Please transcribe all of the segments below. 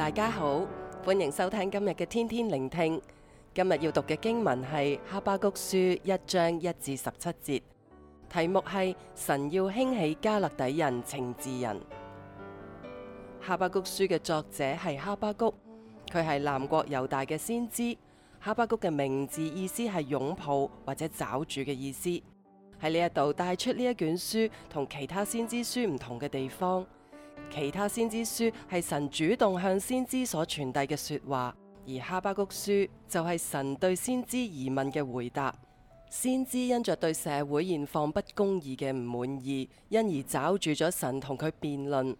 大家好，歡迎收聽今日嘅天天靈聽。今日要讀嘅經文係《哈巴谷書》一章一至十七節，題目係神要興起迦勒底人懲治人。《哈巴谷書》嘅作者係哈巴谷，佢係南國猶大嘅先知。哈巴谷嘅名字意思係擁抱或者抓住嘅意思。喺呢一度帶出呢一卷書同其他先知書唔同嘅地方。其他先知書係神主動向先知所傳遞嘅說話，而哈巴谷書就係神對先知疑問嘅回答。先知因着對社會現況不公義嘅唔滿意，因而找住咗神同佢辯論，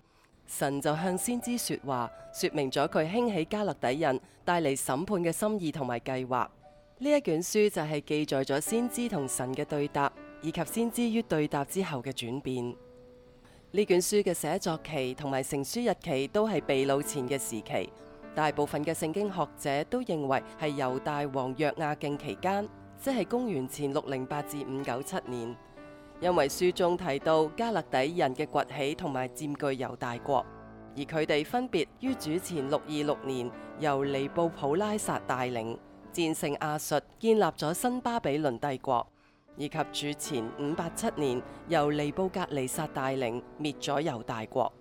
神就向先知說話，說明咗佢興起迦勒底人帶嚟審判嘅心意同埋計劃。呢一卷書就係記載咗先知同神嘅對答，以及先知於對答之後嘅轉變。呢卷書嘅寫作期同埋成書日期都係被擄前嘅時期，大部分，嘅聖經學者都認為係猶大王約雅敬期間，即係公元前六零八至五九七年，因為書中提到加勒底人嘅崛起同埋佔據猶大國，而佢哋分別於主前六二六年，由尼布普拉撒帶領，戰勝亞述，建立咗新巴比倫帝國，以及主前五八七年由尼布甲尼撒帶領滅咗猶大國。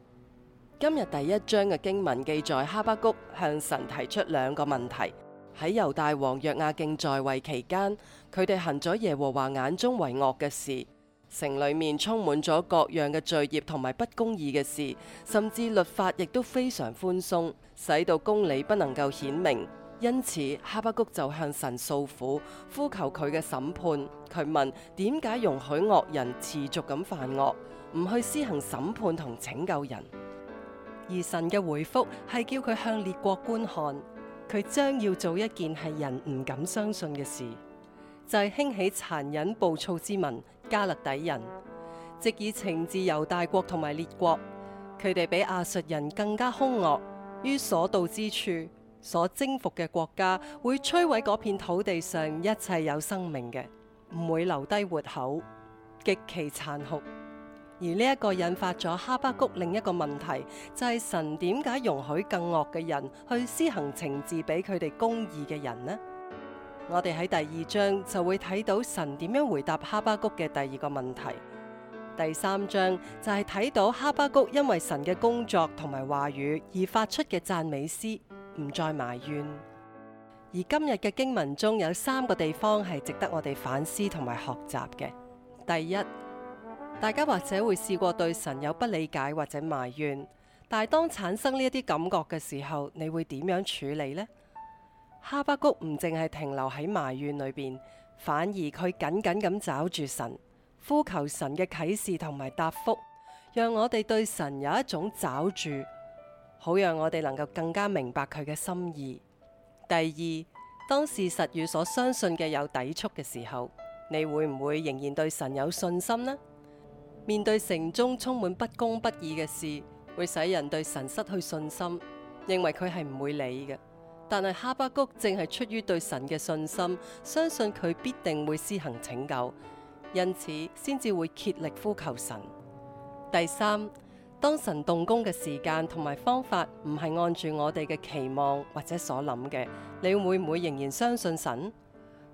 今日第一章嘅經文記載，哈巴谷向神提出兩個問題：喺猶大王約亞敬在位期間，佢哋行咗耶和華眼中為惡嘅事，城裏面充滿咗各樣嘅罪孽同埋不公義嘅事，甚至律法亦都非常寬鬆，使到公理不能夠顯明。因此，哈巴谷就向神訴苦，呼求佢嘅審判。佢問點解容許惡人持續咁犯惡，唔去施行審判同拯救人。而神嘅回覆係叫佢向列國觀看，佢將要做一件係人唔敢相信嘅事，就係、是、興起殘忍暴躁之民迦勒底人，藉以懲治猶大國同埋列國。佢哋比亞述人更加兇惡，於所到之處。所征服嘅國家會摧毀嗰片土地上一切有生命嘅，唔會留低活口，極其殘酷。而呢一個引發咗哈巴谷另一個問題，就係神點解容許更惡嘅人去施行懲治，俾佢哋公義嘅人呢？我哋喺第二章就會睇到神點樣回答哈巴谷嘅第二個問題。第三章就係睇到哈巴谷因為神嘅工作同埋話語而發出嘅讚美詩。唔再埋怨，而今日嘅經文中有三個地方係值得我哋反思同埋學習嘅。第一，大家或者會試過對神有不理解或者埋怨，但係當產生呢啲感覺嘅時候，你會點樣處理呢？哈巴谷唔淨係停留喺埋怨裏邊，反而佢緊緊咁抓住神，呼求神嘅啟示同埋答覆，讓我哋對神有一種抓住。好讓我哋能夠更加明白佢嘅心意。第二，當事實與所相信嘅有抵觸嘅時候，你會唔會仍然對神有信心呢？面對城中充滿不公不義嘅事，會使人對神失去信心，認為佢係唔會理嘅。但係哈巴谷正係出於對神嘅信心，相信佢必定會施行拯救，因此先至會竭力呼求神。第三。當神動工嘅時間同埋方法唔係按住我哋嘅期望或者所諗嘅，你會唔會仍然相信神？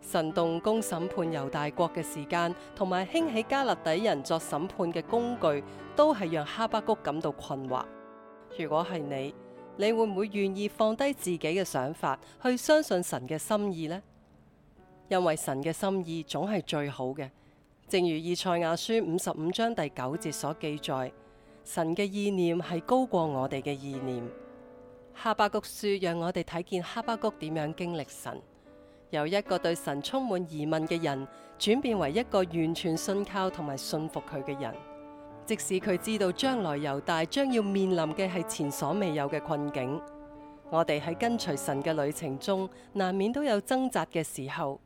神動工審判猶大國嘅時間同埋興起迦勒底人作審判嘅工具，都係讓哈巴谷感到困惑。如果係你，你會唔會願意放低自己嘅想法，去相信神嘅心意呢？因為神嘅心意總係最好嘅，正如以賽亞書五十五章第九節所記載。神嘅意念係高過我哋嘅意念。哈巴谷書讓我哋睇見哈巴谷點樣經歷神，由一個對神充滿疑問嘅人，轉變為一個完全信靠同埋信服佢嘅人。即使佢知道將來猶大將要面臨嘅係前所未有嘅困境，我哋喺跟隨神嘅旅程中，難免都有掙扎嘅時候，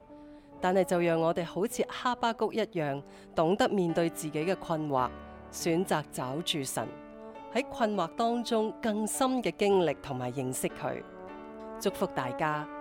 但係就讓我哋好似哈巴谷一樣，懂得面對自己嘅困惑。選擇抓住神，喺困惑當中更深嘅經歷同埋認識佢，祝福大家。